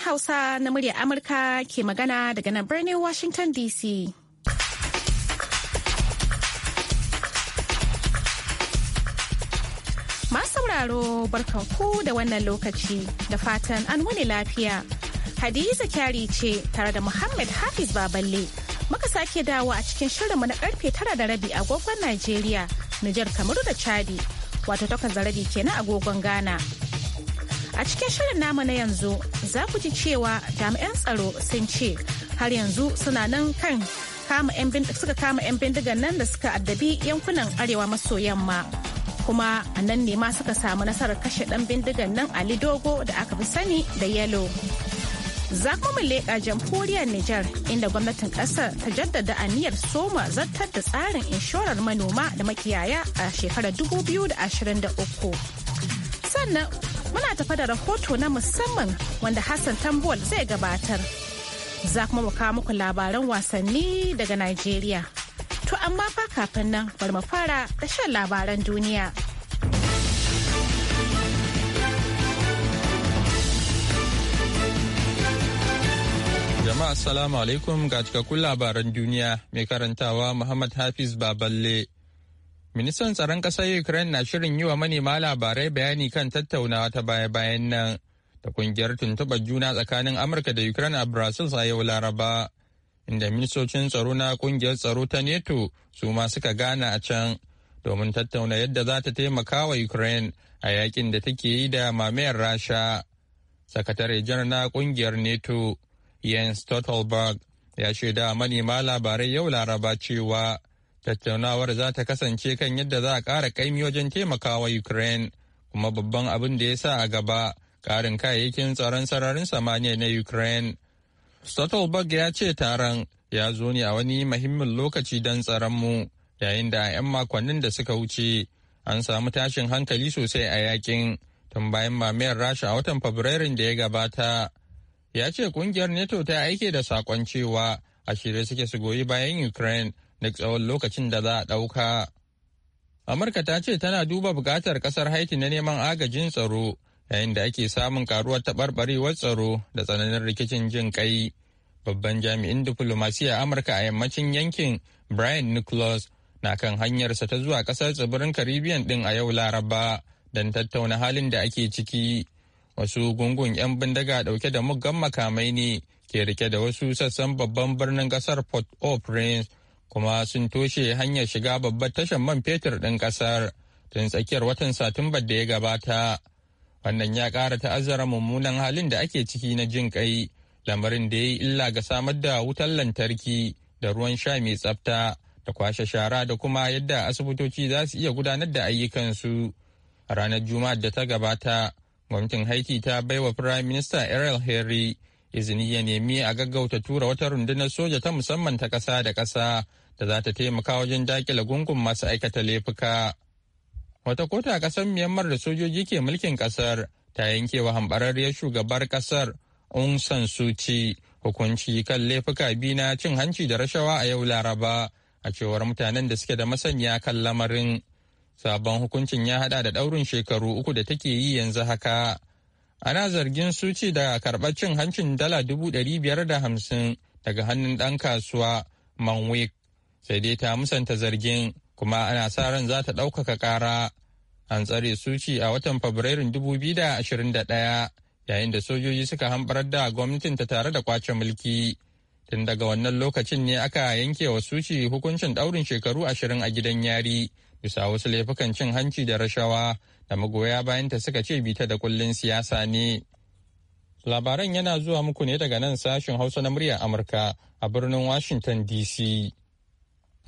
sashen Hausa na murya Amurka ke magana daga nan birnin Washington DC. Masu sauraro ku da wannan lokaci da fatan an wani lafiya. Hadiza kyari ce tare da Muhammad Hafiz Baballe. Muka sake dawo a cikin shirinmu na karfe tara da rabi agogon Najeriya, Nijar Kamaru da Chadi, wato takwas da rabi kenan agogon Ghana. A cikin shirin namu na yanzu za ku ji cewa jami'an tsaro sun ce har yanzu suna nan kan suka kama 'yan bindigan nan da suka addabi yankunan arewa maso yamma. Kuma a nan ne ma suka samu nasarar kashe ɗan bindigan nan Ali Dogo da aka fi sani da yalo. Za kuma leƙa jamhuriyar Nijar inda gwamnatin ƙasar ta jaddada aniyar soma zartar da tsarin inshorar manoma da makiyaya a shekarar 2023. Sannan Muna tafa da rahoto na musamman wanda Hassan Tambol zai gabatar. Za kuma mu kawo muku labaran wasanni daga Najeriya. To amma fa kafin nan bari mu fara da shan labaran duniya. Jama'a salamu alaikum ga cikakkun labaran duniya mai karantawa Muhammad Hafiz Baballe. Ministan tsaron ƙasar Ukraine na shirin yi wa manema labarai bayani kan tattaunawa ta baya-bayan nan da kungiyar tuntuɓar juna tsakanin Amurka da Ukraine a Brussels a yau Laraba, inda ministocin tsaro na kungiyar tsaro ta NATO su ma suka gana a can domin tattauna yadda za ta taimaka wa Ukraine a yakin da take yi da mamayar Rasha. Sakatare janar na kungiyar NATO Jens Stoltenberg ya shaida manema labarai yau Laraba cewa tattaunawar za ta kasance kan yadda za a ƙara kaimi wajen taimakawa ukraine kuma babban abin da ya sa a gaba ƙarin kayayyakin tsaron sararin samaniya na ukraine stottlebug ya ce taron ya zo ne a wani mahimmin lokaci don tsaronmu yayin da a 'yan makonnin da suka wuce an samu tashin hankali sosai a yakin tun bayan mamayar rasha a watan fabrairun da ya gabata ya ce kungiyar neto ta aike da sakon cewa a shirye suke su goyi bayan ukraine duk tsawon lokacin da za a ɗauka. Amurka ta ce tana duba buƙatar ƙasar Haiti na neman agajin tsaro yayin da ake samun karuwar taɓarɓarewar tsaro da tsananin rikicin jin kai Babban jami'in diflomasiyya Amurka a yammacin yankin Brian Nicholas na kan hanyarsa ta zuwa ƙasar tsibirin Caribbean ɗin a yau Laraba don tattauna halin da ake ciki. Wasu gungun 'yan bindiga ɗauke da muggan makamai ne ke rike da wasu sassan babban birnin ƙasar Port-au-Prince kuma sun toshe hanyar shiga babbar tashar man fetur ɗin ƙasar tun tsakiyar watan satumbar da ya gabata wannan ya ƙara ta'azzara mummunan halin da ake ciki na jin ƙai lamarin da ya yi illa ga samar da wutar lantarki da ruwan sha mai tsafta da kwashe shara da kuma yadda asibitoci za su iya gudanar da ayyukansu a ranar juma'ar da ta gabata gwamnatin haiti ta baiwa firayim minista ariel henry izini ya nemi a gaggauta tura wata rundunar soja ta musamman ta ƙasa da ƙasa da za ta taimaka wajen dakile gungun masu aikata laifuka. Wata kota a ƙasar Myanmar da sojoji ke mulkin ƙasar ta yanke wa hambararriyar shugabar ƙasar Aung San Suu Kyi hukunci kan laifuka biyu na cin hanci da rashawa a yau Laraba a cewar mutanen da suke da masanya kan lamarin. Sabon hukuncin ya hada da ɗaurin shekaru uku da take yi yanzu haka. Ana zargin Suci da karɓar cin hancin dala dubu ɗari biyar da hamsin daga hannun ɗan kasuwa Manwik sai dai ta musanta zargin kuma ana sa ran za ta ɗaukaka ƙara an tsare suci a watan fabrairun 2021 yayin da sojoji suka hamɓarar da gwamnatinta tare da kwace mulki tun daga wannan lokacin ne aka yanke wa suci hukuncin ɗaurin shekaru ashirin a gidan yari bisa wasu laifukan cin hanci da rashawa da magoya bayan ta suka ce bita da kullin siyasa ne labaran yana zuwa muku ne daga nan sashen hausa na muryar amurka a birnin washington dc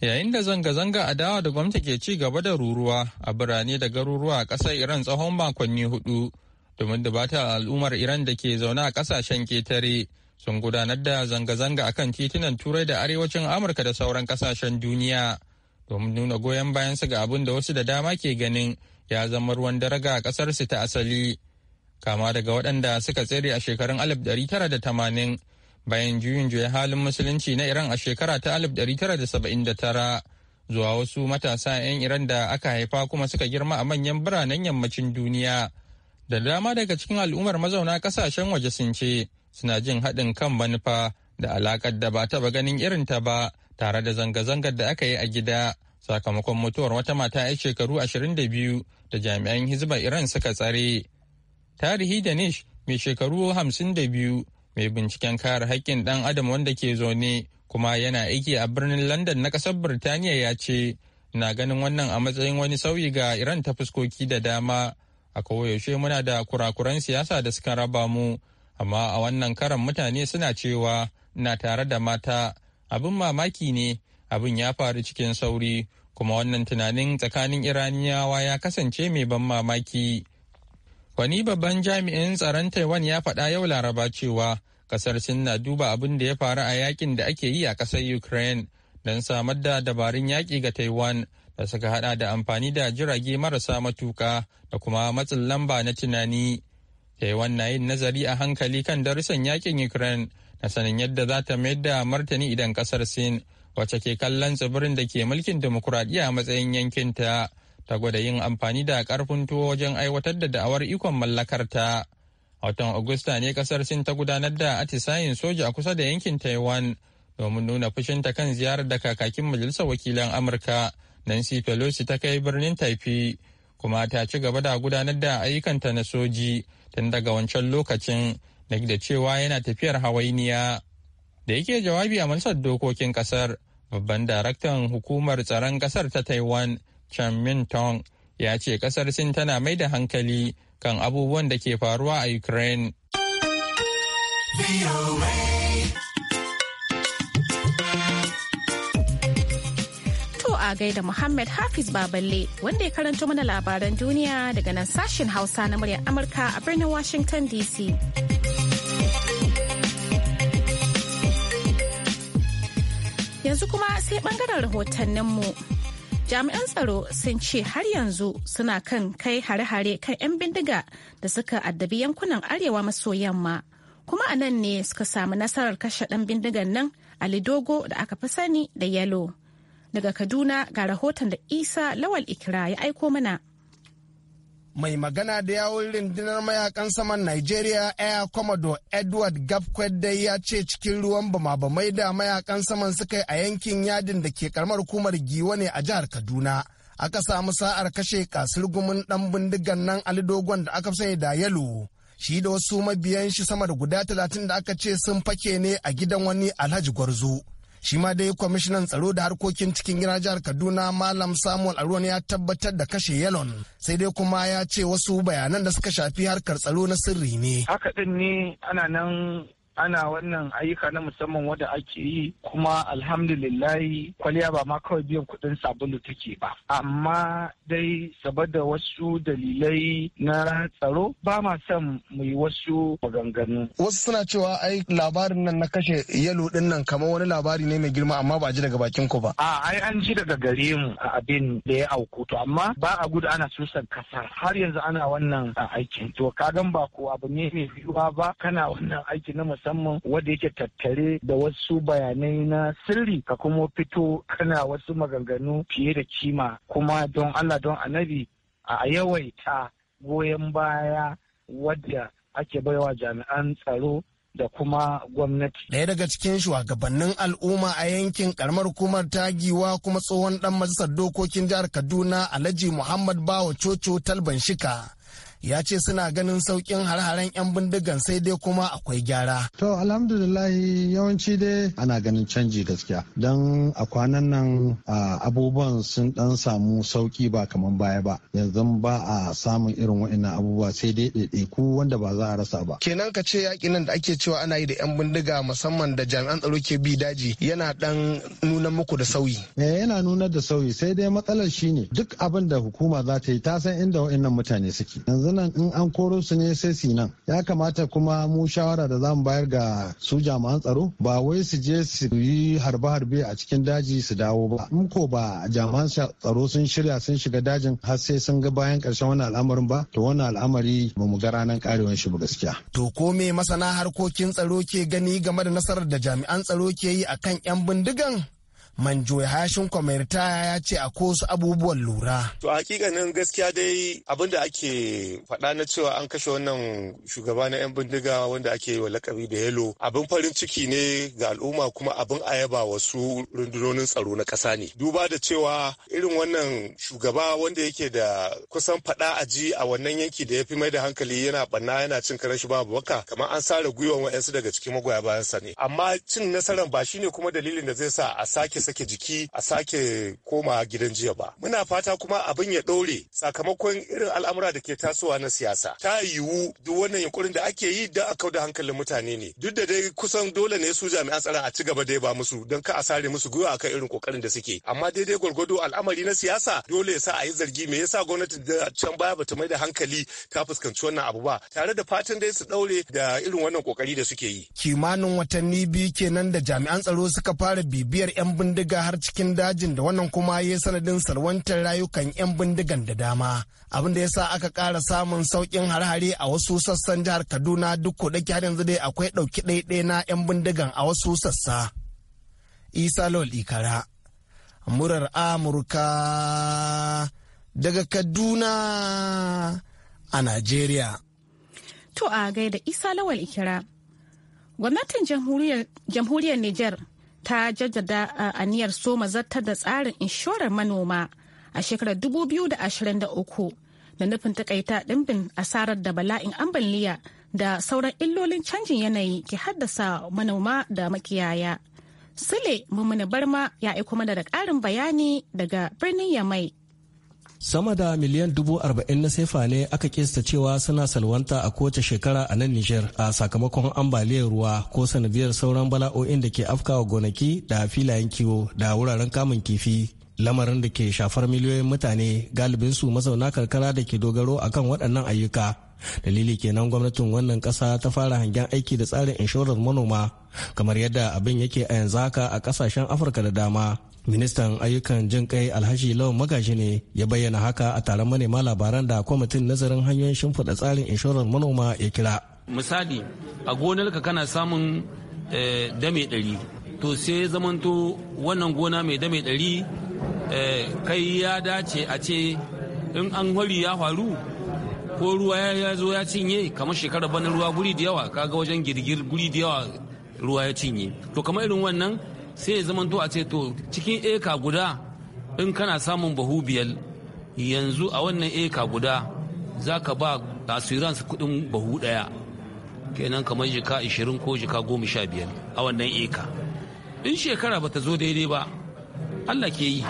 Yayin da zanga-zanga adawa da gwamnati ke ci gaba da ruruwa a birane da garuruwa a ƙasar Iran tsawon makonni hudu, domin ta al'ummar Iran da ke zaune a ƙasashen ketare sun gudanar da zanga-zanga akan titunan Turai da Arewacin Amurka da sauran ƙasashen duniya, domin nuna goyon bayan su ga abin da wasu da dama ke ganin ya zama ruwan daraga a ƙasarsu ta asali. Kama daga waɗanda suka tsere a shekarun alif tara da tamanin. bayan juyin juya halin musulunci na Iran a shekara ta 1979 zuwa wasu matasa 'yan Iran da aka haifa kuma suka girma a manyan biranen yammacin duniya. Da dama daga cikin al'ummar mazauna kasashen waje sun ce suna jin haɗin kan manufa da alaƙar da ba taɓa ganin irin ta ba tare da zanga-zangar da aka yi a gida sakamakon mutuwar wata mata 'yan shekaru 22 da jami'an hizba Iran suka tsare. Tarihi Danish mai shekaru 52 mai binciken kare haƙƙin ɗan adam wanda ke zaune kuma yana aiki a birnin london na ƙasar birtaniya ya ce na ganin wannan a matsayin wani sauyi ga iran ta fuskoki da dama a koyaushe muna da kurakuran siyasa da suka raba mu amma a wannan karan mutane suna cewa na tare da mata abin mamaki ne abin ya faru cikin sauri kuma wannan tunanin tsakanin iraniyawa ya kasance mai ban mamaki Wani babban jami'in tsaron Taiwan ya faɗa yau Laraba cewa ƙasar Sin na duba abin da ya faru a yakin da ake yi a ƙasar Ukraine don samar da dabarun yaƙi ga Taiwan da suka haɗa da amfani da jirage marasa matuƙa da kuma matsin lamba na tunani. Taiwan na yin nazari a hankali kan darussan yakin Ukraine na sanin yadda za ta mayar da martani idan ƙasar Sin wacce ke kallon tsibirin da ke mulkin dimokuraɗiyya a matsayin yankinta. ta. ta gwada yin amfani da karfin tuwo wajen aiwatar da da'awar ikon mallakarta. A watan Agusta ne kasar Sin ta gudanar da atisayin soja a kusa da yankin Taiwan domin nuna fushinta kan ziyarar da kakakin Majalisar Wakilan Amurka Nancy Pelosi ta kai birnin Taifi kuma ta ci gaba da gudanar da ayyukanta na soji tun daga wancan lokacin duk da cewa yana tafiyar hawainiya. Da yake jawabi a dokokin kasar, babban daraktan hukumar tsaron kasar ta Taiwan Chan Min Tong ya ce kasar Sin tana mai da hankali kan abubuwan da ke faruwa a Ukraine. To a gaida Muhammad Hafiz Baballe wanda ya karanto mana labaran duniya daga nan sashen Hausa na muryar Amurka a birnin Washington DC. Yanzu kuma sai bangaren rahotanninmu. mu. jami'an tsaro sun ce har yanzu suna kan kai hare-hare kan 'yan bindiga da suka addabi yankunan arewa maso yamma kuma a nan ne suka samu nasarar kashe ɗan bindigan nan a lidogo da aka fi sani da yalo daga kaduna ga rahoton da isa lawal ikira ya aiko mana mai magana da yawon rundunar mayakan saman Nigeria Air Commodore Edward Gapkwede ya ce cikin ruwan bama-bamai da mayakan saman suka yi a yankin yadin da ke karamar hukumar Giwa ne a jihar Kaduna. Aka samu sa'ar kashe kasir ɗan dan bindigan nan Ali Dogon da aka sani da yalo. Shi da wasu mabiyan shi sama da guda talatin da aka ce sun fake ne a gidan wani Alhaji Gwarzo. shi ma dai kwamishinan tsaro da harkokin cikin gina jihar kaduna malam samuel aruwan ya tabbatar da kashe yalon sai dai kuma ya ce wasu bayanan da suka shafi harkar tsaro na sirri ne haka din ne ana nan ana wannan ayyuka na musamman wanda ake yi kuma alhamdulillahi kwaliya ba ma kawai biyan kuɗin sabulu take ba amma dai saboda wasu dalilai na tsaro ba ma son mu yi wasu maganganu wasu suna cewa ai labarin nan na kashe yalo din nan kamar wani labari ne mai girma amma ba ji daga bakin ku ba a ai an ji daga gare mu a abin da ya auku to amma ba a gudu ana susan kasa har yanzu ana wannan aikin to kagan ba ko abu ne mai yiwuwa ba kana wannan aikin na musamman wanda yake tattare da wasu bayanai na sirri ka kuma fito kana wasu maganganu fiye da kima kuma don Allah don annabi a yawaita goyon baya wadda ake baiwa jami'an tsaro da kuma gwamnati. daya daga cikin shugabannin al'umma a yankin karamar hukumar tagiwa kuma tsohon dan majalisar dokokin jihar Kaduna Alhaji Muhammad Bawa Coco Talban Shika ya ce suna ganin saukin har-haren 'yan bindigan sai dai kuma akwai gyara. To alhamdulillahi yawanci dai ana ganin canji gaskiya don a kwanan nan abubuwan sun dan samu sauki ba kamar baya ba yanzu ba a samun irin wa'annan abubuwa sai dai ɗaiɗaiku wanda ba za a rasa ba. Kenan ka ce yaƙi nan da ake cewa ana yi da 'yan bindiga musamman da jami'an tsaro ke bi daji yana dan nuna muku da sauyi. Eh yana nuna da sauyi sai dai matsalar shine duk abin da hukuma za ta yi ta san inda wa'annan mutane suke. nan in an koro su ne sai su nan ya kamata kuma mu shawara da zamu bayar ga su jami'an tsaro ba wai su je su yi harbe-harbe a cikin daji su dawo ba in ko ba jami'an tsaro sun shirya sun shiga dajin har sai sun ga bayan karshen wannan al'amarin ba to wannan al'amari ba mu ga ranar karewan shi ba gaskiya to ko me masana harkokin tsaro ke gani game da nasarar da jami'an tsaro ke yi akan yan bindigan manjoy hashin kwamirta ya ce a kosu abubuwan lura. To hakikanin gaskiya dai abin da ake faɗa na cewa an kashe wannan shugaba na 'yan bindiga wanda ake yi wa lakabi da yalo abin farin ciki ne ga al'umma kuma abin ayaba wasu rundunonin tsaro na ƙasa ne. Duba da cewa irin wannan shugaba wanda yake da kusan faɗa a ji a wannan yanki da ya fi mai da hankali yana ɓanna yana cin karar shi babu baka kamar an sare gwiwan wa'yansu daga cikin magoya bayansa ne. Amma cin nasarar ba shine kuma dalilin da zai sa a sake sake jiki a sake koma gidan jiya ba muna fata kuma abin ya ɗore sakamakon irin al'amura da ke tasowa na siyasa ta yiwu duk wannan yunkurin da ake yi don a da hankalin mutane ne duk da dai kusan dole ne su jami'an tsaron a ci gaba dai ba musu don ka a sare musu gwiwa akan irin kokarin da suke amma daidai gwargwado al'amari na siyasa dole ya sa a yi zargi me yasa gwamnati da can baya bata mai da hankali ta fuskanci wannan abu ba tare da fatan dai su ɗaure da irin wannan kokari da suke yi kimanin watanni biyu kenan da jami'an tsaro suka fara bibiyar yan bindiga har cikin dajin da wannan kuma ya sanadin salwantar rayukan 'yan bindigan da dama abinda ya sa aka kara samun saukin harhare a wasu sassan jihar kaduna duk ko daki har yanzu dai akwai ɗauki daidai na 'yan bindigan a wasu sassa isa lol ikara murar amurka daga kaduna a nigeria. to a gaida isa lawal ikira gwamnatin jamhuriyar niger ta jaddada aniyar soma zartar da tsarin inshorar manoma a shekarar 2023 da nufin takaita dimbin asarar da bala'in ambaliya da sauran illolin canjin yanayi ke haddasa manoma da makiyaya. Sule mummuna Barma ya aiko mana da ƙarin bayani daga birnin Yamai. sama da miliyan dubu arba'in na sefa ne aka kista cewa suna salwanta a kowace shekara a nan nijar a sakamakon ambaliyar ruwa ko sanadiyar sauran bala'o'in da ke afkawa gonaki da filayen kiwo da wuraren kamun kifi lamarin da ke shafar miliyoyin mutane galibinsu mazauna karkara da ke dogaro akan waɗannan ayyuka dalili kenan gwamnatin wannan kasa ta fara hangen aiki da tsarin inshorar manoma kamar yadda abin yake a yanzu haka a kasashen afirka da dama ministan ayyukan jin kai alhaji lawan magaji ne ya bayyana haka a taron manema labaran da kwamitin nazarin hanyoyin shimfiɗa tsarin inshorar manoma ya kira misali a gonarka kana samun eh, dame ɗari to sai zamanto wannan gona mai dame ɗari eh, kai ya dace a ce in an hori ya faru ko ruwa ya zo ya cinye kamar shekarar bana ruwa guri da yawa kaga wajen girgir guri da yawa ruwa ya cinye to kamar irin wannan sai ya to a ce to cikin eka guda in kana samun bahu biyar yanzu a wannan eka guda za ka ba asiran su kudin bahu daya kenan kamar jika 20 ko jika 15 a wannan eka in shekara bata zo daidai ba Allah ke yi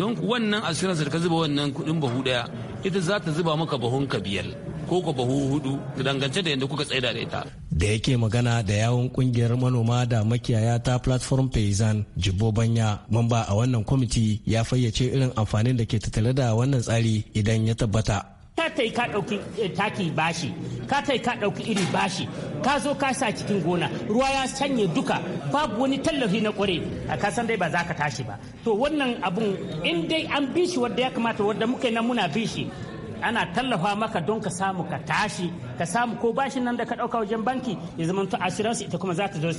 don wannan asiran da ka zuba wannan kudin bahu daya ita za ta zuba maka bahun ka biyar ko ka bahu hudu dangance da yadda kuka tsaida da ita da yake magana da yawon kungiyar manoma da makiyaya ta platform paysan jibo banya mamba a wannan kwamiti ya fayyace irin amfanin da ke tattare da wannan tsari idan ya tabbata ka ta yi ka ɗauki eh, taki bashi ka ta yi ka ɗauki iri bashi ka zo ka sa cikin gona ruwa ya sanya duka babu wani tallafi na kware a kasan dai ba za ka tashi ba to wannan abun in dai an bi shi wadda ya kamata wadda muka nan muna bi shi ana tallafa maka don ka samu ka tashi ka samu ko bashi nan da ka ɗauka wajen banki ya zama to ita kuma za ta zo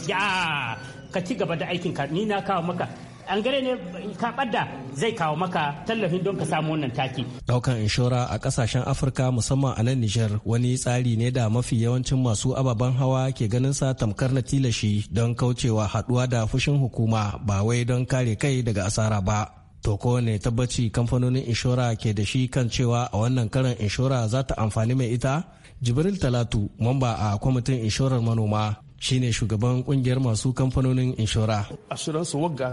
ka ci gaba da aikin ka ni na kawo maka an gare ne ka bada zai kawo maka tallafin don ka samu wannan taki daukan inshora a kasashen afirka musamman a nan nijar wani tsari ne da mafi yawancin masu ababen hawa ke ganin sa tamkar na tilashi don kaucewa haduwa da fushin hukuma ba wai don kare kai daga asara ba to kowane tabbaci kamfanonin inshora ke da shi kan cewa a wannan karan inshora za ta amfani mai ita jibril talatu mamba a kwamitin inshorar manoma shine shugaban kungiyar masu kamfanonin inshora assurance wagga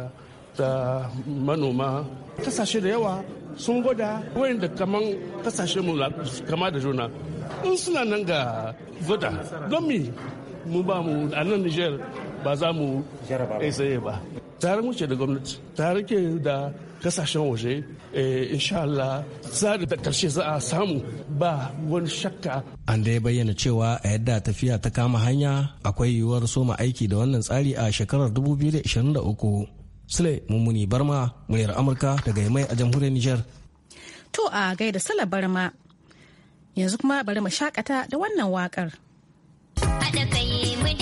da manoma kasashe da yawa sun gwada wayanda kaman kasashe mu kama da juna in suna nan ga voda don mi mu ba mu a nan niger ba za mu tsaye ba tare muke da gwamnati tare ke da kasashen waje eh, insha Allah za da karshe za a samu ba wani shakka an da ya bayyana cewa a yadda tafiya ta kama hanya akwai yiwuwar soma aiki da wannan tsari a shekarar 2023 Sule Mummuni Barma muryar Amurka daga Yamai a jamhuriyar Nijar. To a gaida Sule Barma yanzu kuma bari mu shakata da wannan wakar. Haɗa kai mu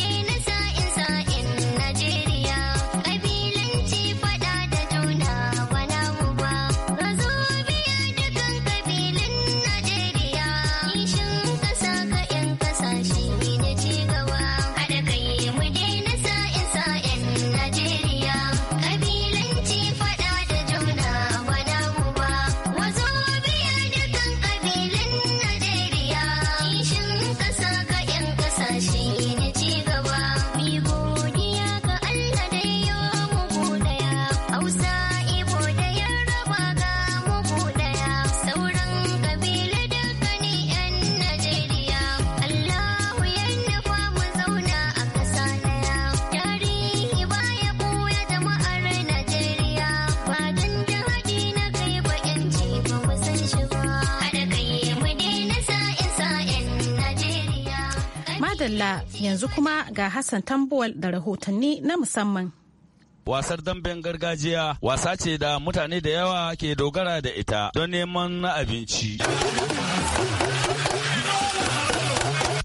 Yanzu kuma ga Hassan Tambuwal da rahotanni na musamman. Wasar damben gargajiya wasa ce da mutane da yawa ke dogara da ita don neman abinci.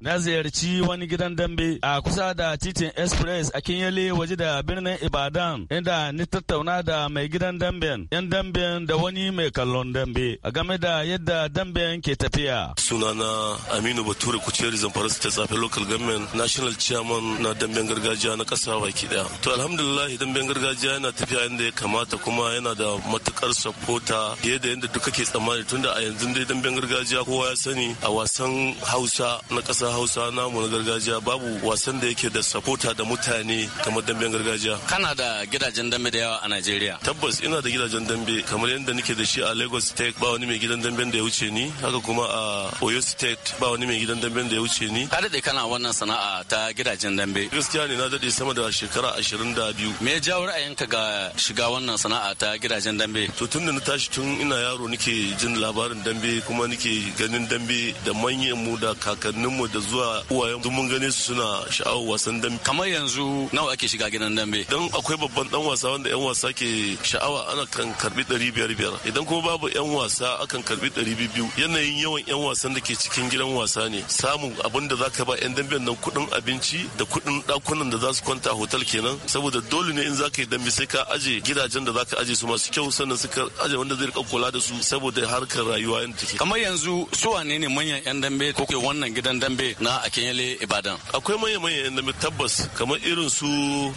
na ziyarci wani gidan dambe a kusa da titin express a kinyale waje da birnin ibadan inda ni tattauna da mai gidan damben yan damben da wani mai kallon dambe a game da yadda damben ke tafiya sunana aminu bature kuciyar zamfara state tsafe local government national chairman na damben gargajiya na kasa baki daya to alhamdulillah damben gargajiya yana tafiya inda ya kamata kuma yana da matukar sapota fiye da yadda duka ke tsammani tunda a yanzu dai damben gargajiya kowa ya sani a wasan hausa na kasa hausa namu na gargajiya babu wasan da yake da sapota da mutane kamar damben gargajiya kana da gidajen dambe da yawa a najeriya tabbas ina da gidajen dambe kamar yadda nake da shi a lagos state ba wani mai gidan damben da ya wuce ni haka kuma a oyo state ba wani mai gidan damben da ya wuce ni ka daɗe kana wannan sana'a ta gidajen dambe gaskiya ne na daɗe sama da shekara ashirin da biyu me ya jawo ra'ayinka ga shiga wannan sana'a ta gidajen dambe to tun da na tashi tun ina yaro nake jin labarin dambe kuma nake ganin dambe da manyan mu da kakanninmu da zuwa uwayen duk mun gane su suna sha'awar wasan dambe kamar yanzu nawa ake shiga gidan dambe dan akwai babban dan wasa wanda yan wasa ke sha'awa ana kan karbi biyar idan kuma babu yan wasa akan karbi biyu yanayin yawan yan wasan da ke cikin gidan wasa ne samun abin da zaka ba yan dambe nan kuɗin abinci da kuɗin ɗakunan da za su kwanta a hotel kenan saboda dole ne in ka yi dambe sai ka aje gidajen da za ka aje su masu kyau sannan suka aje wanda zai rika kula da su saboda harkar rayuwa yanzu take kamar yanzu su wane ne manyan yan dambe ko wannan gidan dambe Na na Akenyele Ibadan. Akwai manya-manya yan tabbas kamar irin su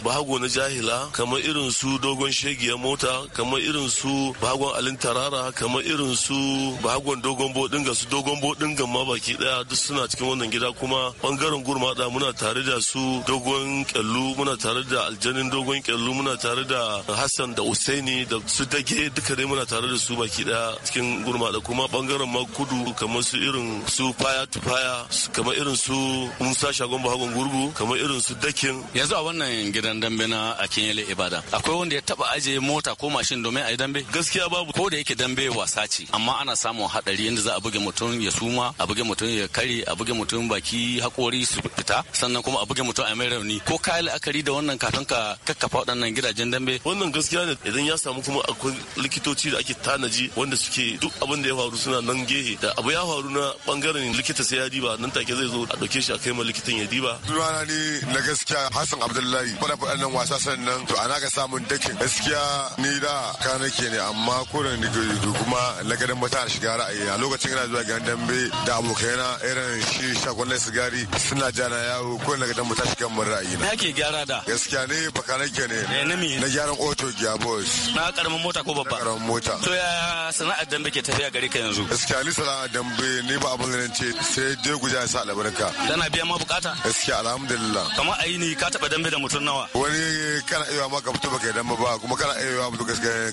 Bahago na Jahila, kamar irin su Dogon Shegiya Mota, kamar irin su Bahagon Alin Tarara, kamar irin su Bahagon Dogon ga su Dogon ga ma baki daya duk suna cikin wannan gida kuma bangaren da muna tare da su Dogon Kyallu, muna tare da Aljanin Dogon Kyallu, muna tare da Hassan da Usaini da su dage duka dai muna tare da su baki daya cikin da kuma bangaren ma kudu kamar su irin su faya to faya kamar irin su Musa Shagon Bahagon gurgu kamar irin su Dakin. Yanzu a wannan gidan dambe na a Kinyele Ibada akwai wanda ya taba ajiye mota ko mashin domin a yi dambe? Gaskiya babu ko da yake dambe wasa ce amma ana samun hadari inda za a buge mutum ya suma a buge mutum ya kare a buge mutum baki hakori su fita sannan kuma a buge mutum a mai rauni ko kayan la'akari da wannan kafin ka kakkafa waɗannan gidajen dambe. Wannan gaskiya ne idan ya samu kuma akwai likitoci da ake tanaji wanda suke duk abin da ya faru suna nan gehe da abu ya faru na bangaren likita sai ya diba nan take zai zo a ɗauke shi a kai ma likitan ya diba. Rana ne na gaskiya Hassan Abdullahi fada nan wasa san nan to ana ka samun dakin gaskiya ni da ka nake ne amma koren da ke kuma na gadon mata shiga ra'ayi a lokacin yana zuwa gidan dambe da abokaina irin shi shakwalle sigari suna jana yawo ko na gadon mata shiga mun ra'ayi na. Ake gyara da. Gaskiya ne baka nake ne. Eh, na me? Na gyaran auto boys. Na karamin mota ko babba? Karamin mota. To ya sana'ar dambe ke tafiya gari ka yanzu? Gaskiya ni sana'ar dambe ni ba abin ganin ce sai dai guja sa albarka tana biya ma bukata gaskiya alhamdulillah kamar ayi ka taba dambe da mutum nawa wani kana iya ma ka fito baka dambe ba kuma kana iya ma mutum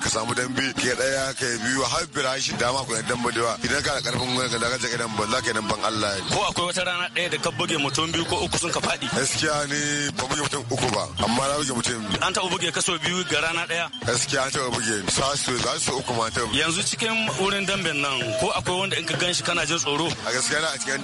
ka samu dambe ke daya ka biyu har birashi dama ku dambe da idan ka karfin gwiwa ka daga jaka dambe za ka yi Allah ya ko akwai wata rana daya da ka buge mutum biyu ko uku sun ka fadi gaskiya ne ba buge mutum uku ba amma na buge mutum an taba buge kaso biyu ga rana daya gaskiya an taba buge sa su za su uku ma yanzu cikin wurin damben nan ko akwai wanda in ka kana jin tsoro a gaskiya na a cikin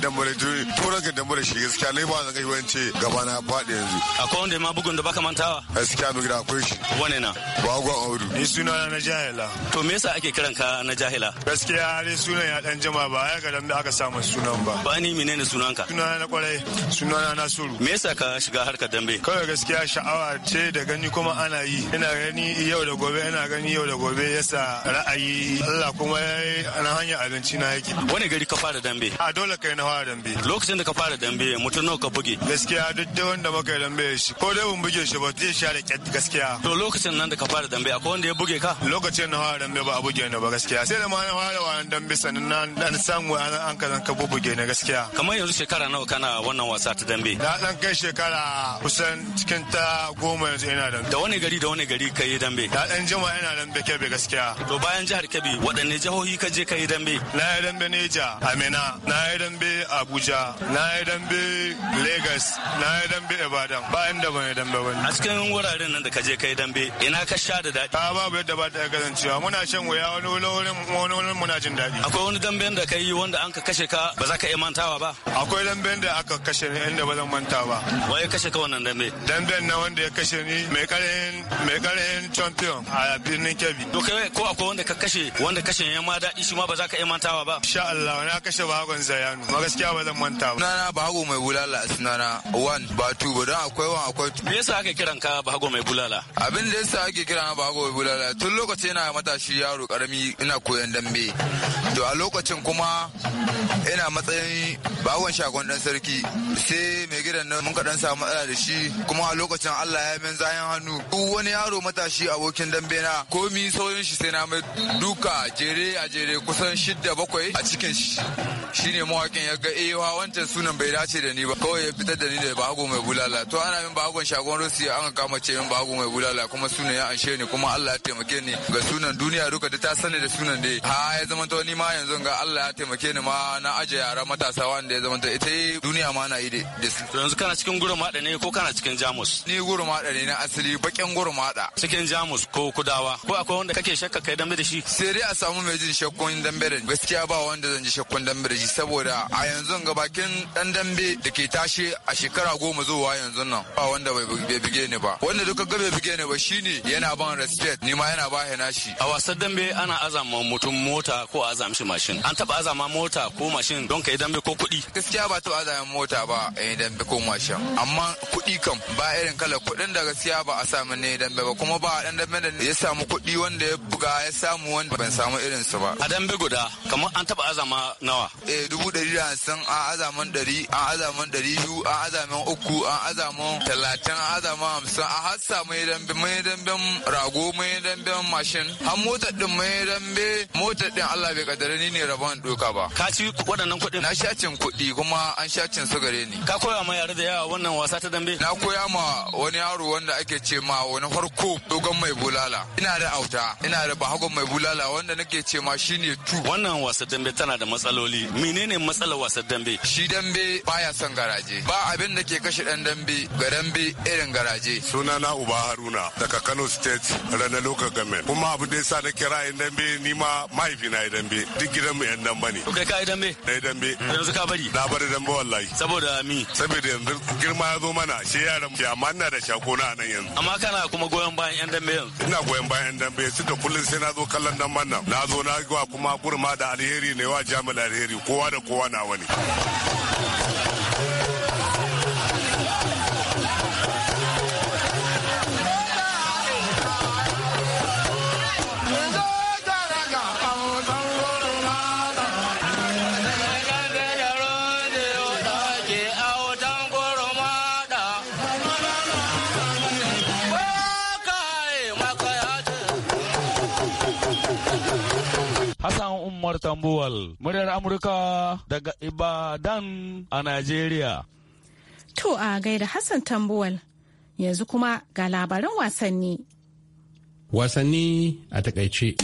ranka dambu da shi gaskiya ne ba zan wani ce gaba na faɗi yanzu akwai wanda ma bugun da baka mantawa gaskiya mu gida akwai shi wane na bagon audu ni suna na jahila to me yasa ake kiran ka na jahila gaskiya ne sunan ya dan jama ba ya ga dan da aka samu sunan ba ba ni menene sunanka sunana na kwarai sunana na nasuru me yasa ka shiga harkar dambe kawai gaskiya sha'awa ce da gani kuma ana yi ina gani yau da gobe ina gani yau da gobe yasa ra'ayi Allah kuma ya yi ana hanyar abinci na yake wani gari ka fara dambe a dole kai na fara dambe lokacin da ka fara dambe mutum nawa ka buge gaskiya duk da wanda muka yi dambe shi ko dai mun buge shi ba zai sha da gaskiya to lokacin nan da ka fara dambe akwai wanda ya buge ka lokacin na fara dambe ba a buge ni ba gaskiya sai da ma na fara wani dambe sannan na dan samu an ka zan ka buge ni gaskiya kamar yanzu shekara nawa kana wannan wasa ta dambe na dan kai shekara kusan cikin ta goma yanzu ina dambe da wani gari da wani gari ka yi dambe na dan jima ina dambe kebe gaskiya to bayan jihar kebe waɗanne jihohi ka je ka yi dambe na yi dambe neja amina na yi dambe abuja na yi dambe Lagos, na yi dambe Ibadan, ba inda ban yi dambe ba. A cikin wuraren nan da ka je kai dambe, ina ka sha da daɗi. Ta babu yadda ba ta kasancewa, muna shan wuya wani wurin wani wurin muna jin daɗi. Akwai wani dambe da ka yi wanda an ka kashe ka ba za ka iya mantawa ba? Akwai dambe da aka kashe ni inda ba zan manta ba. Wa ya kashe ka wannan dambe? Damben na wanda ya kashe ni mai karin mai karin champion a birnin Kebbi. To kai ko akwai wanda ka kashe wanda kashe ya ma daɗi shi ma ba za ka iya mantawa ba? Insha Allah na kashe bagon Zayanu, ma gaskiya ba zan manta ba. sunana bahago mai bulala sunana one ba two ba don akwai wani akwai two. me yasa aka kiran ka bahago mai bulala abin da yasa ake kiran na bahago mai bulala tun lokacin yana matashi yaro karami ina koyon dambe to a lokacin kuma ina matsayin bagon shagon dan sarki sai mai gidan nan mun kaɗan samu matsala da shi kuma a lokacin Allah ya min zayan hannu duk wani yaro matashi abokin dambe na komi sauyin shi sai na mai duka jere a jere kusan shidda bakwai a cikin shi shine mawakin ya ga ewa eh, wancan sunan bai dace da ni ba kawai ya fitar da ni da bago mai bulala to ana min bagon shagon rosi an kama ce min bago mai bulala kuma sunan ya anshe ni kuma Allah ya taimake ni ga sunan duniya duka ta sani da sunan dai ha ya zama to ni ma yanzu ga Allah ya taimake ni ma na aje yara matasa wanda ya zama to ita duniya ma na yi da su to yanzu kana cikin gurin mada ne ko kana cikin jamus ni gurin mada ne na asali bakin gurin mada cikin jamus ko kudawa ko akwai wanda kake shakka kai dambe da shi sai dai a samu mai jin shakkun dambe da gaskiya ba wanda zan ji shakkun dambe da shi saboda a yanzu ga bakin dan dambe da ke tashe a shekara goma zuwa yanzu nan ba wanda bai bige ni ba wanda duka ga bai bige ni ba shine yana ban respect ni ma yana ba ya nashi a wasan dambe ana azama mutum mota ko azam shi mashin an taba azama mota ko mashin don kai dambe ko kuɗi gaskiya ba taba azama mota ba eh dambe ko mashin amma kuɗi kam ba irin kala kudin da gaskiya ba a samu ne dambe ba kuma ba dan dambe da ya samu kuɗi wanda ya buga ya samu wanda ban samu irin su ba a dambe guda kamar an taba azama nawa eh dubu ɗari da hamsin a azama azaman ɗari an azaman ɗari biyu an azaman uku an azaman talatin an azaman hamsin an hasa mai dambe mai damben rago mai damben mashin har mota ɗin mai dambe mota ɗin Allah bai kadare ni ne rabon doka ba. Ka ci waɗannan kuɗin? Na shacin kuɗi kuma an shacin su gare ni. Ka koya ma yare da yawa wannan wasa ta dambe? Na koya ma wani yaro wanda ake ce ma wani farko dogon mai bulala. Ina da auta, ina da bahagon mai bulala wanda nake ce ma shine tu. Wannan wasa dambe tana da matsaloli. Menene matsalar wasa dambe? Shi dambe baya son garaje ba abin da ke kashe dan dambe ga dambe irin garaje suna na uba haruna daga kano state rana local government kuma abu da yasa na kira yan dambe ni ma mahaifi na yan dambe duk gidan mu yan dambe ne kai ka dambe na dambe yanzu ka bari na bari dambe wallahi saboda mi saboda yanzu girma ya zo mana shi yaran ya manna da shako na nan yanzu amma kana kuma goyon bayan yan dambe yanzu ina goyon bayan yan dambe su da kullun sai na zo kallon dan nan na zo na kuma gurma da alheri ne wa jami'ar alheri kowa da kowa na wani Umar Tambuwal, muryar Amurka daga Ibadan a Najeriya. To a gaida Hassan Tambuwal, yanzu kuma ga labaran wasanni. Wasanni a takaice.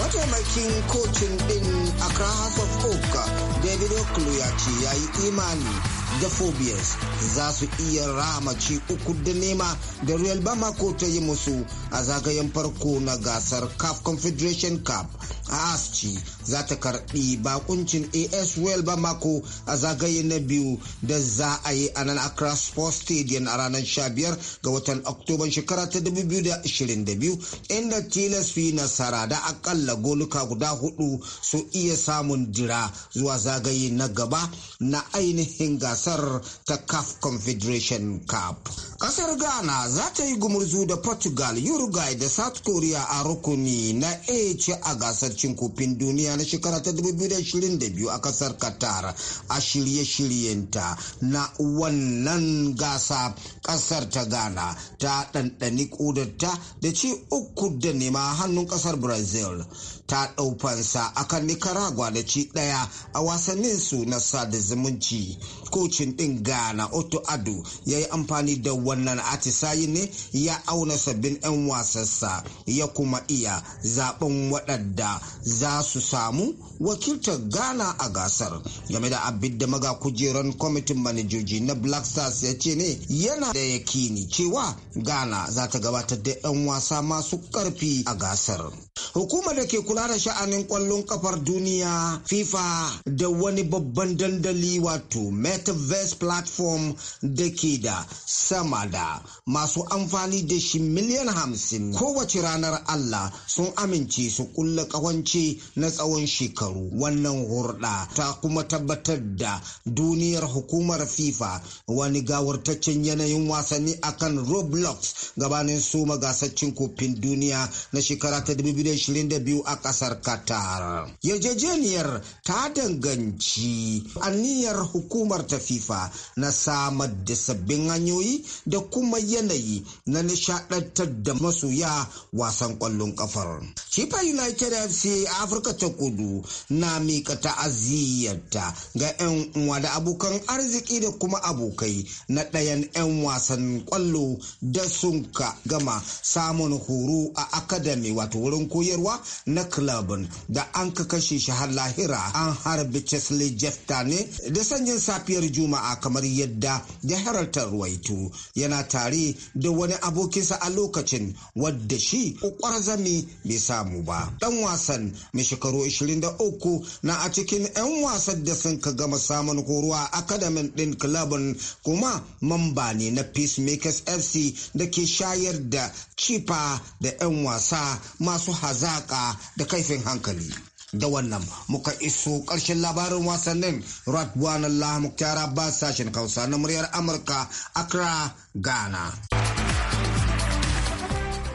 mataimakin kocin din Accra House of Oak David Okulu ya ce ya yi imani da phobias za su iya rama uku da nema da real bamako ta yi musu a zagayen farko na gasar caf confederation cup a asci za ta karbi bakuncin as well bamako a zagaye na biyu da za a yi a nan accra sports stadium a ranar 15 ga watan oktoban shekara ta 2022 inda tilas fi nasara da akalla goluka guda hudu su iya samun dira zuwa zagaye na gaba na ainihin gasar gasar ta CAF Confederation Cup. Kasar Ghana za ta yi gumurzu da Portugal, Uruguay da South Korea a rukuni na A a gasar cin kofin duniya na shekara ta 2022 a kasar Qatar a shirye-shiryenta na wannan gasa kasar ta Ghana ta ɗanɗani ƙudarta da ci uku da nema hannun kasar Brazil. ta ɗaufansa akan Nicaragua da ci ɗaya a wasannin su na sada zumunci. ko kocin ɗin Ghana Otto adu ya yi amfani da wannan atisayi ne ya auna sabbin 'yan wasansa ya kuma iya zaben waɗanda za su samu wakiltar Ghana a gasar. Game da abin da maga kujeran kwamitin manajoji na Black Stars ya ce ne yana da yakini cewa Ghana za ta gabatar da 'yan wasa masu ƙarfi a gasar. Hukumar da ke kula da sha'anin kwallon kafar duniya FIFA da wani babban dandali wato Metaverse platform da ke da sama da masu amfani da shi miliyan hamsin kowace ranar Allah sun amince su kulla kawance na tsawon shekaru. Wannan hurɗa ta kuma tabbatar da duniyar hukumar FIFA wani gawartaccen yanayin wasanni akan Roblox gabanin soma gasar kofin duniya na shekara ta 2022. 2022 a kasar Qatar. Yarjejeniyar ta danganci aniyar hukumar ta FIFA na samar da sabbin hanyoyi da kuma yanayi na nishadantar da masoya wasan kwallon kafar. FIFA United FC Afirka ta kudu na mika ta'aziyyarta ga 'yan uwa da abokan arziki da kuma abokai na ɗayan 'yan wasan kwallo da sun ka gama samun horo a akadami wato wurin koyarwa na club da an ka kashe shi har lahira an harbi Chesley Jefta ne da sanyin safiyar Juma'a kamar yadda ya heraltar ruwaito yana tare da wani abokinsa a lokacin wadda shi kwakwar zami bai samu ba. Dan wasan mai shekaru 23 na a cikin 'yan wasan da sun ka gama samun horo a akadamin ɗin clubin kuma mamba ne na Peacemakers FC da ke shayar da cifa da 'yan wasa masu hazaƙa da kaifin hankali. Da wannan muka iso ƙarshen labarin wasannin Radwan Allah Mukhtar Abbas sashen Hausa na muryar Amurka Accra, Ghana.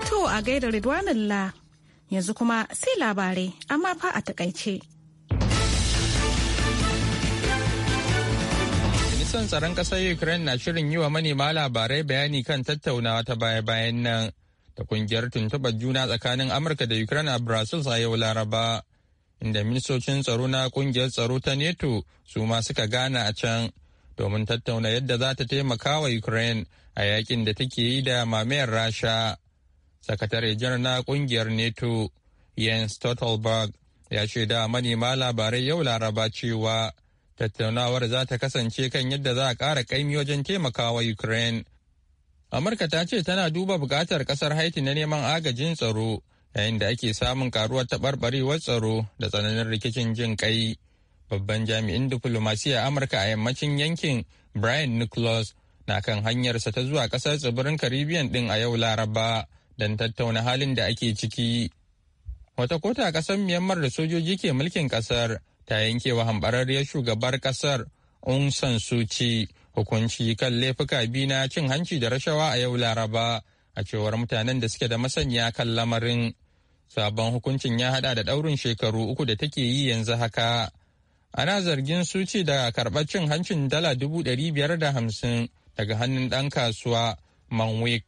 To a gaida Ridwan Allah yanzu kuma sai labarai amma fa a takaice. Ministan tsaron ƙasar Ukraine na shirin yi wa manema labarai bayani kan tattaunawa ta baya-bayan nan. da kungiyar tuntuɓar juna tsakanin Amurka da Ukraine a Brussels a yau Laraba, inda ministocin tsaro na kungiyar tsaro ta NATO su ma suka gana a can domin tattauna yadda za ta taimaka wa Ukraine a yakin da take yi da mamayar Rasha. Sakatare janar na kungiyar NATO Jens Stoltenberg ya ce da manema labarai yau Laraba cewa tattaunawar za ta kasance kan yadda za a ƙara kaimi wajen taimakawa Ukraine Amurka ta ce tana duba bukatar kasar Haiti na neman agajin tsaro yayin da ake samun karuwar taɓarɓarewar tsaro da tsananin rikicin jin kai. Babban jami'in diflomasiyya Amurka a yammacin yankin Brian Nicholas na kan hanyarsa ta zuwa kasar tsibirin Caribbean ɗin a yau Laraba don tattauna halin da ake ciki. Wata kota ƙasar Myanmar da sojoji ke mulkin ƙasar ta yanke wa hambararriyar shugabar ƙasar Aung San Suu Kyi hukunci kan laifuka biyu na cin hanci da rashawa a yau laraba a cewar mutanen da suke da masaniya kan lamarin sabon hukuncin ya hada da daurin shekaru uku da take yi yanzu haka ana zargin su ce da karɓar cin hancin dala dubu ɗari biyar da hamsin daga hannun ɗan kasuwa manwik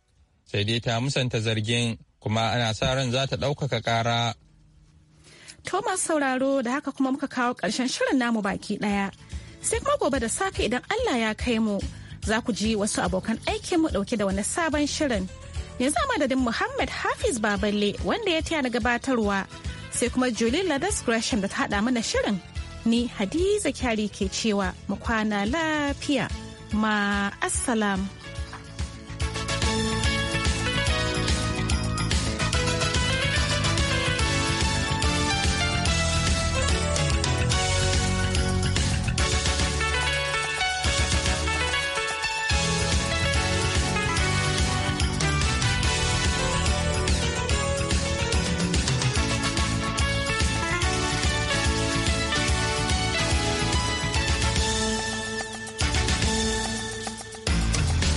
sai dai ta musanta zargin kuma ana sa ran za ta ɗaukaka ƙara. Thomas sauraro da haka kuma muka kawo ƙarshen shirin namu baki ɗaya. sai kuma gobe da safe idan Allah ya kai mu za ku ji wasu abokan aikinmu dauke da wani sabon shirin. Yanzu a madadin Muhammad Hafiz Baballe wanda ya taya na gabatarwa sai kuma Julie Ladas Gresham da ta hada mana shirin. Ni Hadiza Kyari ke cewa mu kwana lafiya. Ma